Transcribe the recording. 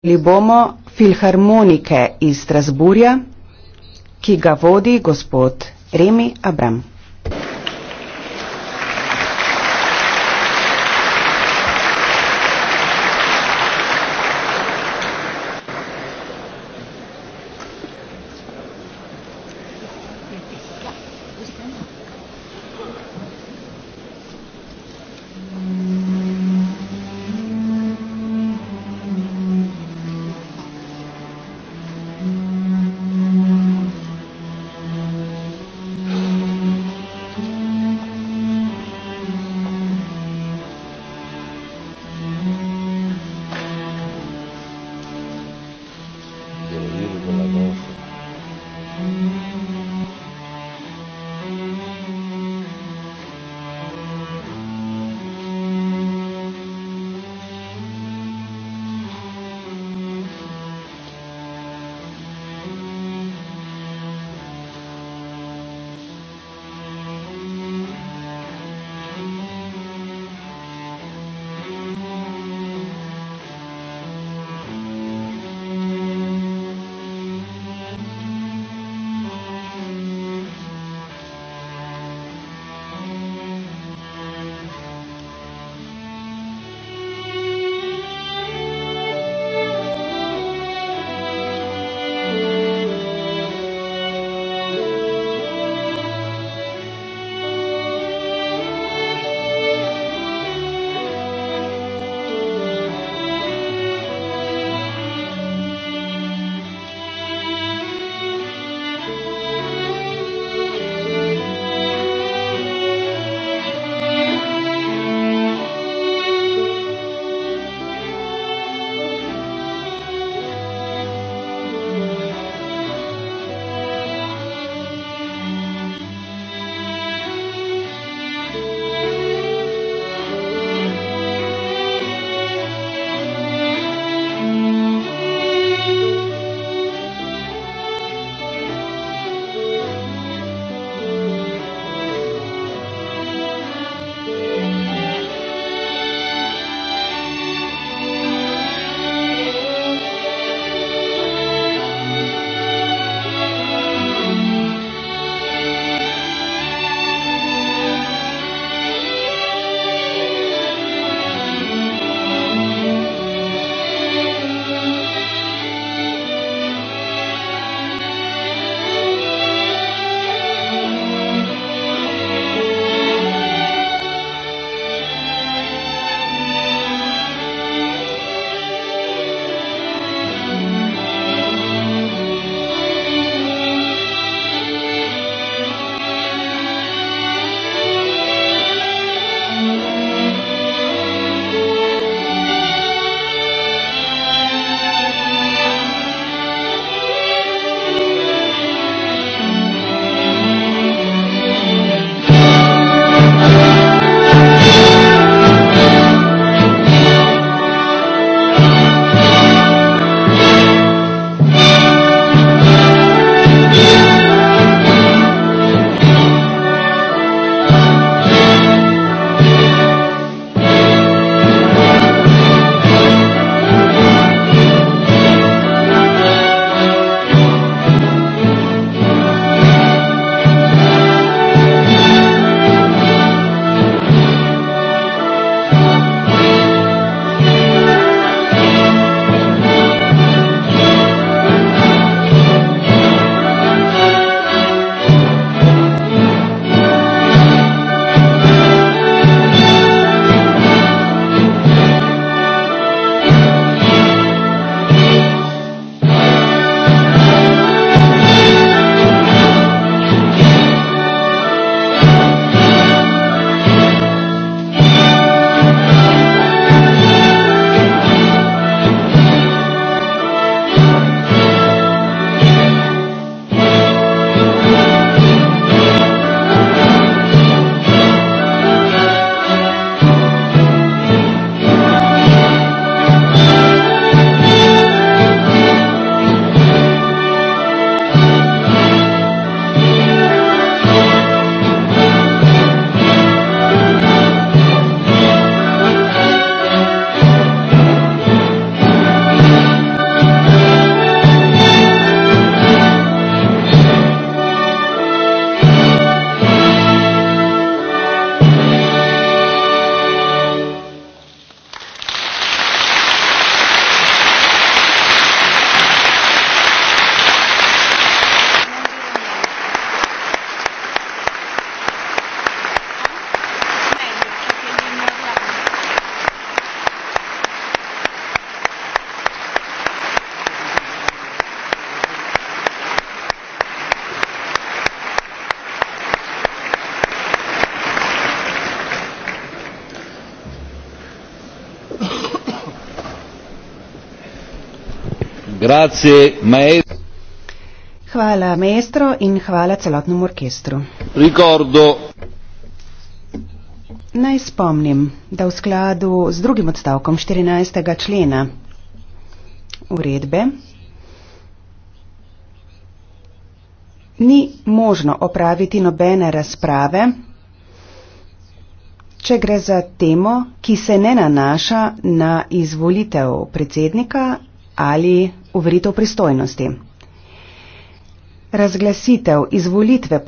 Slišali bomo filharmonike iz Strasburja, ki ga vodi gospod Remi Abram. Grazie, maestro. Hvala maestro in hvala celotnemu orkestru. Ricordo. Naj spomnim, da v skladu z drugim odstavkom 14. člena uredbe ni možno opraviti nobene razprave, če gre za temo, ki se ne nanaša na izvolitev predsednika ali uveritev pristojnosti. Razglasitev izvolitve